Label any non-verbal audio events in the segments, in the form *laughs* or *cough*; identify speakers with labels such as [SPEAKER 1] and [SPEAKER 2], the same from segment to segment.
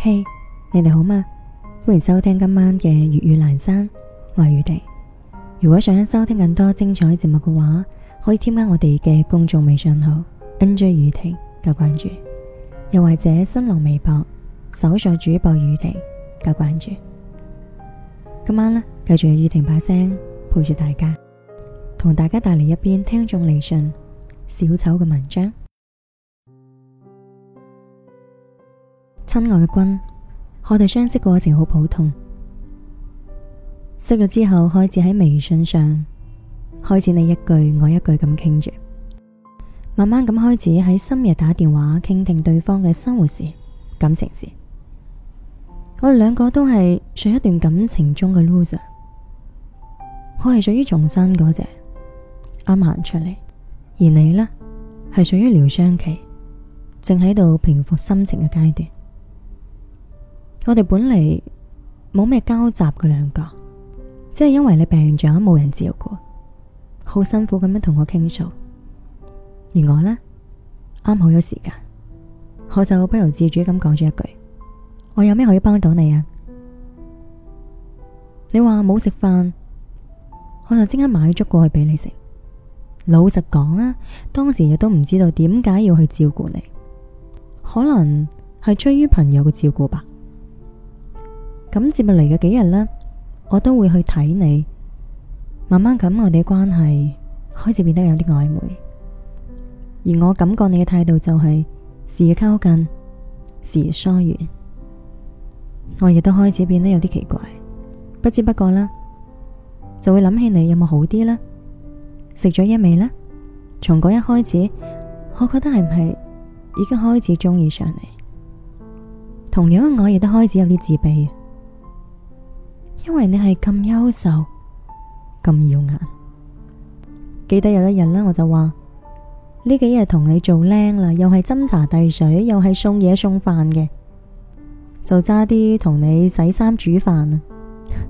[SPEAKER 1] 嘿，hey，你哋好嗎？歡迎收聽今晚嘅粵語闌珊，我係雨婷。如果想收聽更多精彩節目嘅話，可以添加我哋嘅公眾微信號 njoy 雨婷加關注，又或者新浪微博搜索主播雨婷加關注。今晚呢，繼續有雨婷把聲陪住大家，同大家帶嚟一篇聽眾嚟信小丑嘅文章。親愛嘅君，我哋相識過程好普通，識咗之後開始喺微信上開始你一句我一句咁傾住，慢慢咁開始喺深夜打電話傾聽對方嘅生活事、感情事。我哋兩個都係上一段感情中嘅 loser，我係屬於重生嗰隻啱行出嚟，而你呢，係屬於療傷期，正喺度平復心情嘅階段。我哋本嚟冇咩交集嘅兩個，即係因為你病咗冇人照顧，好辛苦咁樣同我傾訴。而我呢，啱好有時間，我就不由自主咁講咗一句：我有咩可以幫到你啊？你話冇食飯，我就即刻買粥過去俾你食。老實講啊，當時亦都唔知道點解要去照顧你，可能係出於朋友嘅照顧吧。咁接落嚟嘅幾日咧，我都會去睇你，慢慢咁，我哋關係開始變得有啲曖昧，而我感覺你嘅態度就係、係、時而靠近，時而疏遠，我亦都開始變得有啲奇怪，不知不覺啦，就會諗起你有冇好啲啦，食咗嘢未咧？從嗰一開始，我覺得係唔係已經開始中意上你？同樣，我亦都開始有啲自卑。因為你係咁優秀、咁耀眼，記得有一日啦，我就話呢幾日同你做奴隸啦，又係斟茶遞水，又係送嘢送飯嘅，就差啲同你洗衫煮飯啊！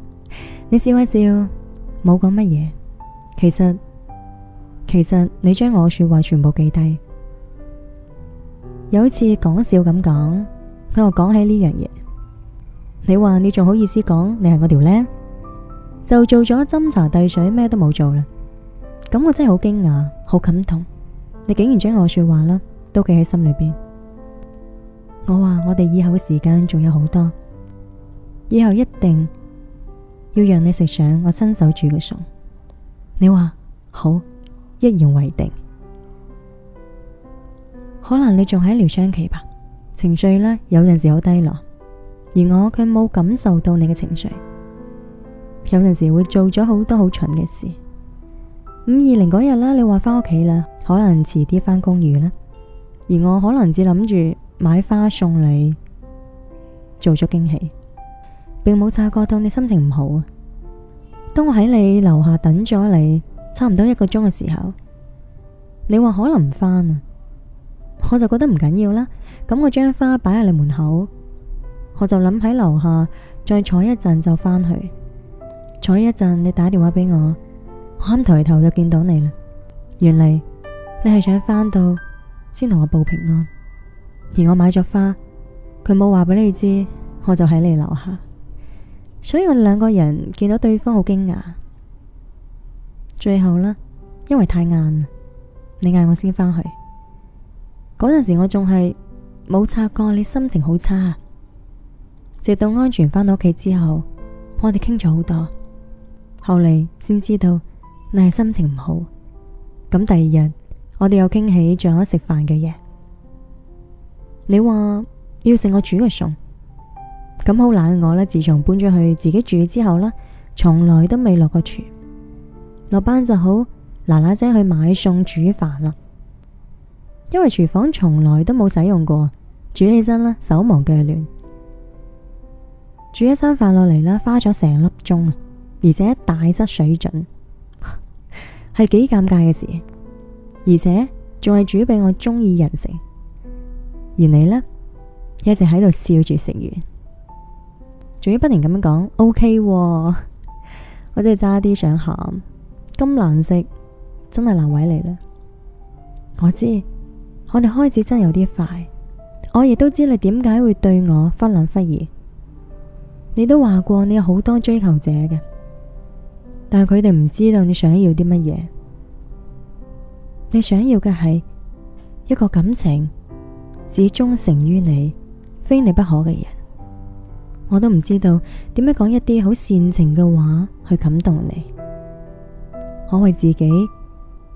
[SPEAKER 1] *laughs* 你笑一笑，冇講乜嘢。其實其實你將我說話全部記低，有一次講笑咁講，我又講起呢樣嘢。你話你，仲好意思講你係我條僆？就做咗斟茶遞水，咩都冇做啦。咁我真係好驚訝，好感動。你竟然將我，我說話啦都記喺心裏邊。我話我哋以後嘅時間仲有好多，以後一定要讓你食上我親手煮嘅餸。你話好，一言為定。可能你仲喺療傷期吧，情緒呢，有陣時好低落。而我卻冇感受到你嘅情緒，有陣時會做咗好多好蠢嘅事。五二零嗰日啦，你話翻屋企啦，可能遲啲翻公寓啦。而我可能只諗住買花送你，做咗驚喜，並冇察覺到你心情唔好啊。當我喺你樓下等咗你差唔多一個鐘嘅時候，你話可能唔翻啊，我就覺得唔緊要啦。咁我將花擺喺你門口。我就諗喺樓下，再坐一陣就返去。坐一陣，你打電話俾我，我啱抬頭，頭就見到你啦。原嚟你係想返到先同我報平安，而我買咗花，佢冇話俾你知，我就喺你樓下。所以，我兩個人見到對方好驚訝。最後呢，因為太晏，你嗌我先返去。嗰陣時我仲係冇察覺你心情好差。直到安全返到屋企之後，我哋傾咗好多。後嚟先知道你係心情唔好。咁第二日我哋又傾起仲有食飯嘅嘢。你話要食我煮嘅餸，咁好懶我呢，自從搬咗去自己住之後呢，從來都未落過廚。落班就好嗱嗱聲去買餸煮飯啦，因為廚房從來都冇使用過，煮起身啦，手忙腳亂。煮一餐飯落嚟啦，花咗成粒鐘，而且大失水準係 *laughs* 幾尷尬嘅事，而且仲係煮俾我中意人食，而你呢，一直喺度笑住食完，仲要不停咁樣講 O K，我真係差啲想喊，咁難食，真係難為你啦。我知我哋開始真係有啲快，我亦都知你點解會對我忽冷忽熱。你都話過你有好多追求者嘅，但係佢哋唔知道你想要啲乜嘢。你想要嘅係一個感情只忠誠於你、非你不可嘅人。我都唔知道點樣講一啲好煽情嘅話去感動你。我為自己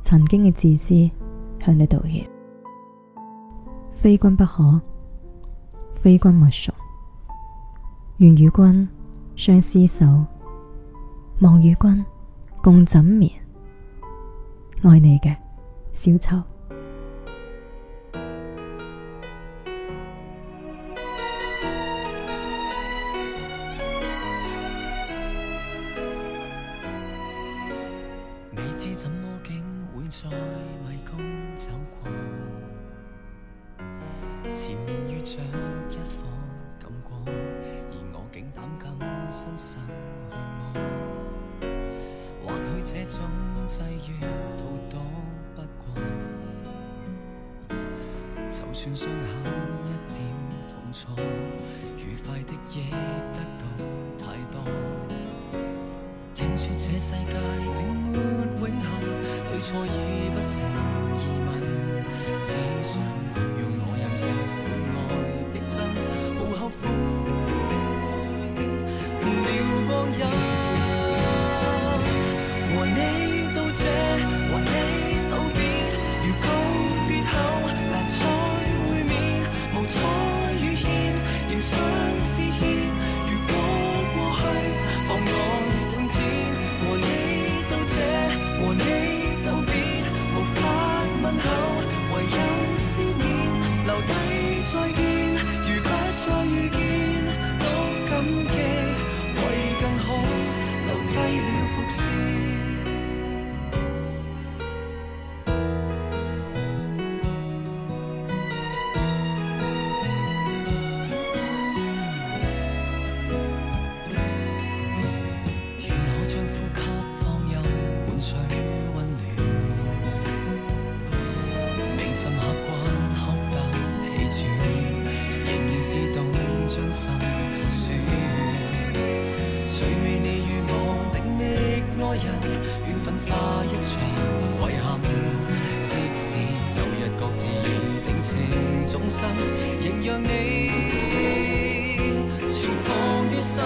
[SPEAKER 1] 曾經嘅自私向你道歉。非君不可，非君莫屬。願與君相廝守，望與君共枕眠。愛你嘅小丑。
[SPEAKER 2] 真心去望，或許這種際遇都躲不過。就算傷口一點痛楚，愉快的亦得到太多。聽説這世界並沒永恆，對錯已不成。終生仍讓你存放於心。